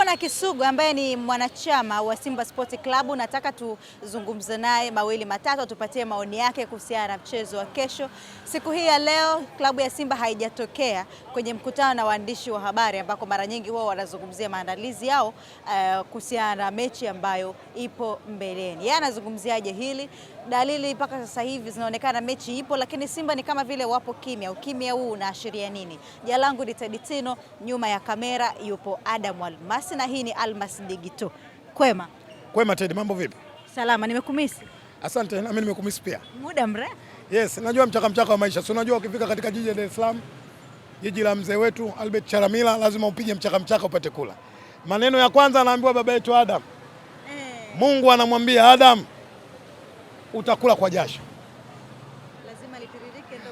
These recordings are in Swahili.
Niko na Kisugu ambaye ni mwanachama wa Simba Sports Club. Nataka tuzungumze naye mawili matatu, tupatie maoni yake kuhusiana na mchezo wa kesho. Siku hii ya leo klabu ya Simba haijatokea kwenye mkutano na waandishi wa habari ambako mara nyingi huwa wanazungumzia maandalizi yao uh, kuhusiana na mechi ambayo ipo mbeleni. Yeye anazungumziaje hili dalili mpaka sasa hivi zinaonekana mechi ipo, lakini Simba ni kama vile wapo kimya. Ukimya huu unaashiria nini? Jina langu ni Teditino, nyuma ya kamera yupo Adam Almasi na hii ni Almas Digito. Kwema kwema, Teddy, mambo vipi? Salama, nimekumisi. Asante, mimi nimekumisi pia muda mrefu. Yes, najua mchaka mchaka wa maisha, si unajua ukifika katika jiji la Dar es Salaam, jiji la mzee wetu Albert Charamila, lazima upige mchaka mchaka upate kula. Maneno ya kwanza anaambiwa baba yetu Adam, hey. Eh. Mungu anamwambia Adam utakula kwa jasho.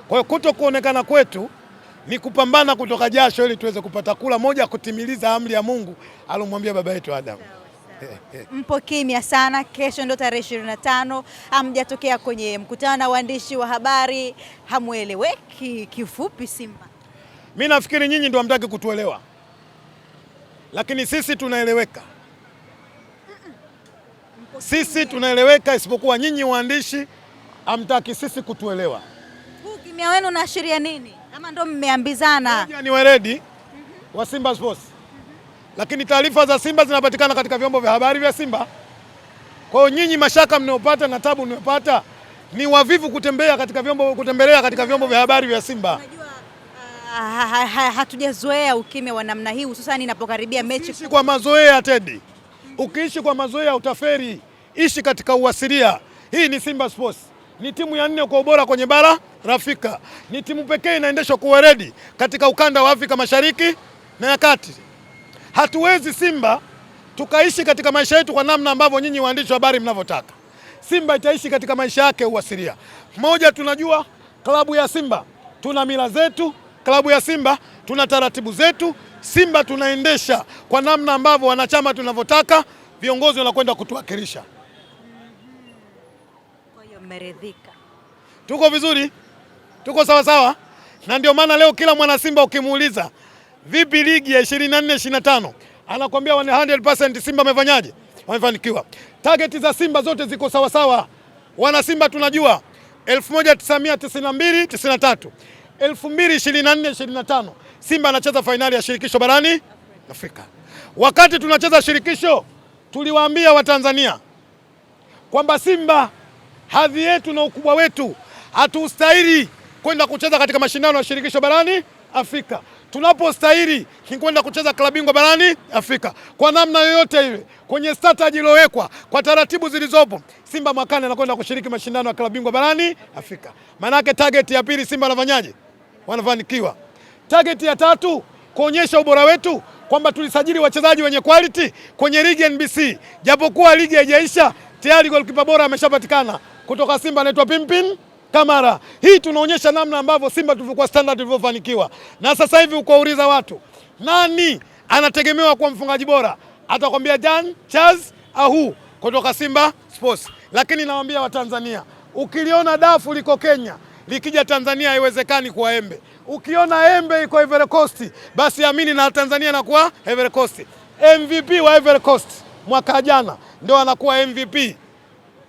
Kwa hiyo kuto kuonekana kwetu ni kupambana kutoka jasho ili tuweze kupata kula moja, kutimiliza amri ya Mungu alomwambia baba yetu Adamu. Eh, eh, eh. Mpo kimya sana. Kesho ndio tarehe ishirini na tano, hamjatokea kwenye mkutano na waandishi wa habari, hamweleweki. Kifupi Simba, mi nafikiri nyinyi ndio hamtaki kutuelewa, lakini sisi tunaeleweka. Sisi tunaeleweka, isipokuwa nyinyi waandishi hamtaki sisi kutuelewa. Huu kimya wenu unaashiria nini? Ama ndio mmeambizana? Ni waredi wa Simba Sports lakini taarifa za Simba zinapatikana katika vyombo vya habari vya Simba. Kwa hiyo nyinyi mashaka mnayopata na tabu mnayopata ni wavivu kutembea katika vyombo, kutembelea katika vyombo vya habari vya Simba. Ah, hatujazoea ukimya wa namna hii, hususani inapokaribia mechi. Kwa mazoea Tedi, ukiishi kwa mazoea utaferi ishi katika uasilia. Hii ni Simba Sports, ni timu ya nne kwa ubora kwenye bara rafika Afrika, ni timu pekee inaendeshwa kwa weledi katika ukanda wa Afrika Mashariki na ya Kati. Hatuwezi Simba tukaishi katika maisha yetu kwa namna ambavyo nyinyi waandishi wa habari mnavyotaka. Simba itaishi katika maisha yake uasilia. Moja, tunajua klabu ya Simba tuna mila zetu, klabu ya Simba tuna taratibu zetu. Simba tunaendesha kwa namna ambavyo wanachama tunavyotaka, viongozi wanakwenda kutuwakilisha moyo mmeridhika? Tuko vizuri, tuko sawa sawa, na ndio maana leo kila mwana Simba ukimuuliza vipi ligi ya 24 25 anakuambia 100% Simba amefanyaje, wamefanikiwa. Target za Simba zote ziko sawa sawa. Wana Simba tunajua 1992 93 2024 25 Simba anacheza fainali ya shirikisho barani Afrika. Wakati tunacheza shirikisho tuliwaambia Watanzania kwamba Simba hadhi yetu na ukubwa wetu, hatustahili kwenda kucheza katika mashindano ya shirikisho barani Afrika tunapostahili kwenda kucheza klabu bingwa barani Afrika kwa namna yoyote ile, kwenye strategy iliyowekwa kwa taratibu zilizopo, Simba mwakani anakwenda kushiriki mashindano ya klabu bingwa barani Afrika. Maanake target ya pili Simba anafanyaje? Wanafanikiwa. Target ya tatu kuonyesha ubora wetu kwamba tulisajili wachezaji wenye quality kwenye ligi NBC, japokuwa ligi haijaisha tayari, golikipa bora ameshapatikana kutoka Simba anaitwa Pimpin Kamara. Hii tunaonyesha namna ambavyo Simba tulivyokuwa standard tulivyofanikiwa, na sasa hivi ukiwauliza watu nani anategemewa kuwa mfungaji bora, atakwambia Jan Charles Ahu kutoka Simba Sports. Lakini nawaambia Watanzania, ukiliona dafu liko Kenya likija Tanzania haiwezekani kuwa embe. Ukiona embe iko Ivory Coast, basi amini na Tanzania inakuwa Ivory Coast. MVP wa Ivory Coast mwaka jana ndio anakuwa MVP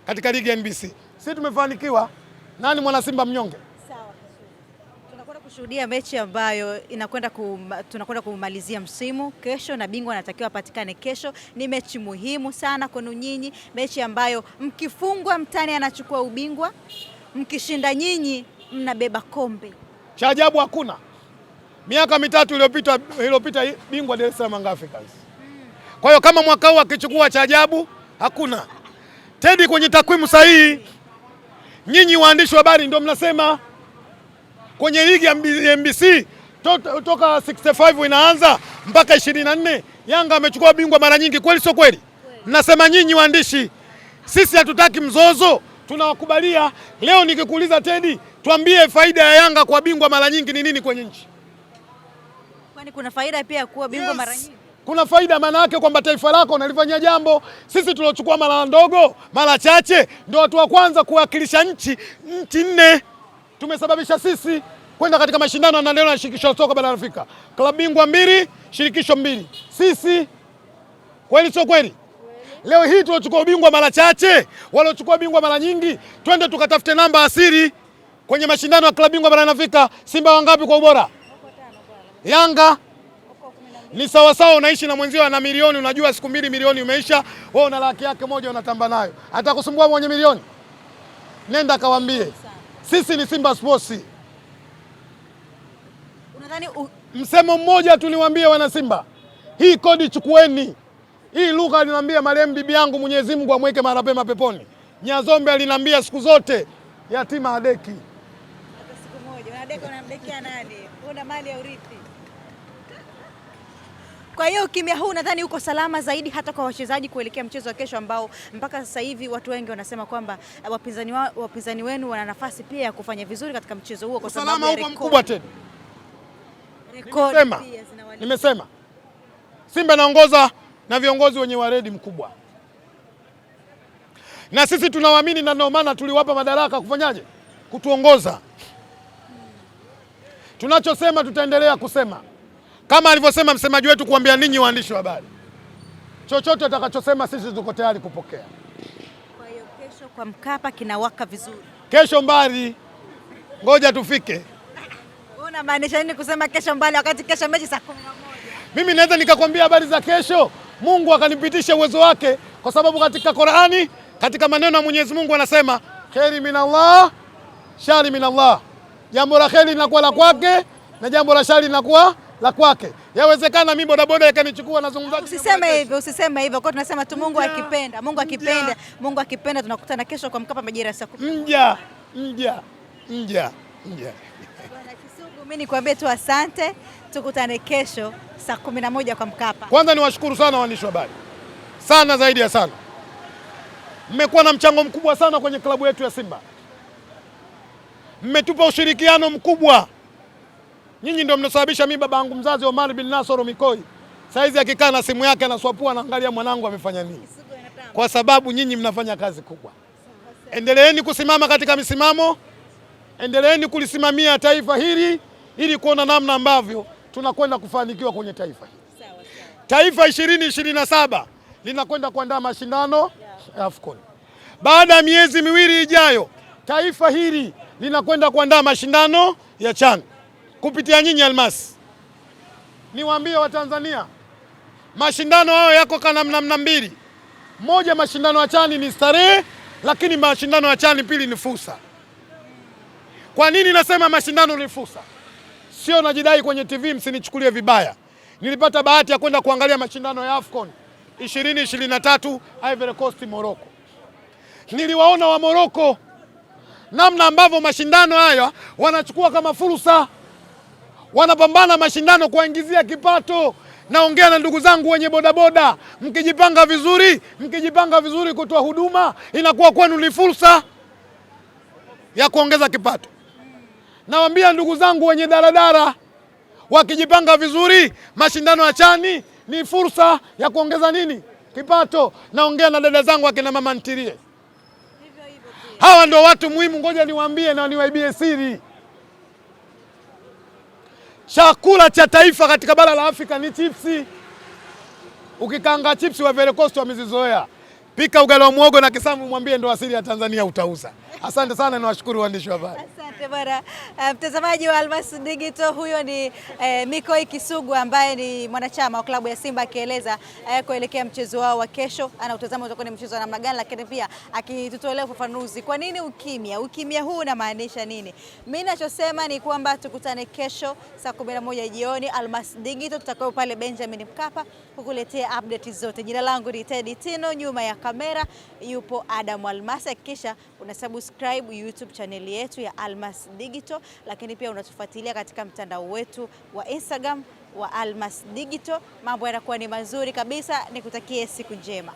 katika ligi ya NBC sisi tumefanikiwa. Nani mwana Simba mnyonge? tunakwenda kushuhudia mechi ambayo inakwenda kum, tunakwenda kumalizia msimu kesho, na bingwa anatakiwa apatikane kesho. Ni mechi muhimu sana kwenu nyinyi, mechi ambayo mkifungwa mtani anachukua ubingwa, mkishinda nyinyi mnabeba kombe. Cha ajabu hakuna miaka mitatu iliyopita iliyopita bingwa Dar es Salaam Africans. Mm. Kwa hiyo kama mwaka huu akichukua cha ajabu hakuna. Tedi kwenye takwimu sahihi Nyinyi waandishi wa habari ndio mnasema kwenye ligi ya MBC to, toka 65 inaanza mpaka 24 Yanga amechukua bingwa mara nyingi, kweli sio kweli? Mnasema nyinyi waandishi, sisi hatutaki mzozo, tunawakubalia. Leo nikikuuliza Tedi, tuambie faida ya Yanga kwa bingwa mara nyingi ni nini kwenye nchi? Kwani kuna faida pia kuwa bingwa yes, mara nyingi kuna faida. Maana yake kwamba taifa lako unalifanyia jambo. Sisi tuliochukua mara ndogo, mara chache, ndio watu wa kwanza kuwakilisha nchi nchi nne tumesababisha sisi kwenda katika mashindano leo na shirikisho la soka bara Afrika, klabu bingwa mbili, shirikisho mbili, sisi. Kweli sio kweli? Leo hii tuliochukua ubingwa mara chache, waliochukua ubingwa mara nyingi, twende tukatafute namba asiri kwenye mashindano ya klabu bingwa barani Afrika. Simba wangapi kwa ubora? Yanga ni sawasawa unaishi na mwenzio ana milioni, unajua siku mbili milioni imeisha, wewe una laki yake moja unatamba nayo, atakusumbua mwenye milioni? Nenda kawambie, sisi ni Simba Sports. Unadhani msemo mmoja tuliwaambie wana Simba, hii kodi chukueni. Hii lugha linaambia marehemu bibi yangu, Mwenyezi Mungu amweke mahali pema peponi, Nyazombe alinambia siku zote, yatima adeki. Hata siku moja, nani? Una mali ya urithi. Kwa hiyo ukimya huu nadhani uko salama zaidi hata kwa wachezaji kuelekea mchezo wa kesho ambao mpaka sasa hivi watu wengi wanasema kwamba wapinzani, wa, wapinzani wenu wana nafasi pia ya kufanya vizuri katika mchezo huo kwa sababu salama uko mkubwa tena. Nimesema, nimesema Simba inaongoza na viongozi wenye waredi mkubwa, na sisi tunawaamini, na ndio maana tuliwapa madaraka kufanyaje, kutuongoza. Hmm. Tunachosema tutaendelea kusema kama alivyosema msemaji wetu kuambia ninyi waandishi wa habari, chochote atakachosema sisi tuko tayari kupokea. Kwa hiyo kesho kwa Mkapa kinawaka vizuri, kesho mbali, ngoja tufike. Unamaanisha nini kusema kesho mbali, wakati kesho mechi saa kumi na moja? Mimi naweza nikakwambia habari za kesho, Mungu akanipitisha uwezo wake, kwa sababu katika Qur'ani, katika maneno ya Mwenyezi Mungu anasema kheri minallah shari minallah, jambo la kheri linakuwa la kwake na jambo la shari linakuwa la kwake. Yawezekana mimi bodaboda ikanichukua nazungumza. Usiseme hivyo, usiseme hivyo. Kwa tunasema tu Mungu akipenda, Mungu akipenda, Mungu akipenda tunakutana kesho kwa Mkapa majira saa 10. Mja, mja, mja, mja. Bwana mimi nikwambie tu asante, tukutane kesho saa moja kwa Mkapa. Kwanza niwashukuru sana waandishi wa habari sana zaidi ya sana, mmekuwa na mchango mkubwa sana kwenye klabu yetu ya Simba, mmetupa ushirikiano mkubwa Nyinyi ndio mnasababisha mimi baba yangu mzazi Omar bin Nasoro Mikoi saizi akikaa na simu yake anaswapua, anaangalia mwanangu amefanya nini, kwa sababu nyinyi mnafanya kazi kubwa. Endeleeni kusimama katika misimamo, endeleeni kulisimamia taifa hili ili kuona namna ambavyo tunakwenda kufanikiwa kwenye taifa hili. Taifa ishirini ishirini na saba linakwenda kuandaa mashindano ya AFCON. Baada ya miezi miwili ijayo, taifa hili linakwenda kuandaa mashindano ya CHAN kupitia nyinyi Almasi. Niwaambie Watanzania, mashindano hayo yako kana namna mbili, moja, mashindano ya chani ni starehe, lakini mashindano ya chani pili ni fursa. Kwa nini nasema mashindano ni fursa? Sio najidai kwenye TV, msinichukulie vibaya. Nilipata bahati ya kwenda kuangalia mashindano ya AFCON 2023 Ivory Coast, Morocco. Niliwaona wa Morocco namna ambavyo mashindano haya wanachukua kama fursa wanapambana mashindano kuwaingizia kipato. Naongea na ndugu zangu wenye bodaboda, mkijipanga vizuri, mkijipanga vizuri kutoa huduma, inakuwa kwenu ni fursa ya kuongeza kipato. Nawaambia ndugu zangu wenye daladala, wakijipanga vizuri, mashindano ya chani ni fursa ya kuongeza nini? Kipato. Naongea na dada zangu akina mama ntilie, hawa ndio watu muhimu. Ngoja niwaambie na niwaibie siri Chakula cha taifa katika bara la Afrika ni chipsi. ukikanga chipsi wa Ivory Coast wamezizoea. Pika ugali wa muogo na kisamvu, mwambie ndo asili ya Tanzania, utauza. Asante sana, niwashukuru waandishi wa habari. Bwana eh, mtazamaji wa Almas Digital, huyo ni eh, Mikoi Kisugu ambaye ni mwanachama wa klabu ya Simba akieleza eh, kuelekea mchezo wao wa kesho. Anautazama utakuwa ni mchezo wa namna gani, lakini pia akitutolea ufafanuzi kwa nini ukimya, ukimya huu unamaanisha nini. Mimi nachosema ni kwamba tukutane kesho saa moja jioni Almas Digital, tutakao pale Benjamin Mkapa kukuletea update zote. Jina langu ni Teddy Tino, nyuma ya kamera yupo Adam Almasi. Hakikisha una subscribe YouTube channel yetu ya Almas Almas Digital, lakini pia unatufuatilia katika mtandao wetu wa Instagram wa Almas Digital. Mambo yanakuwa ni mazuri kabisa, nikutakie siku njema.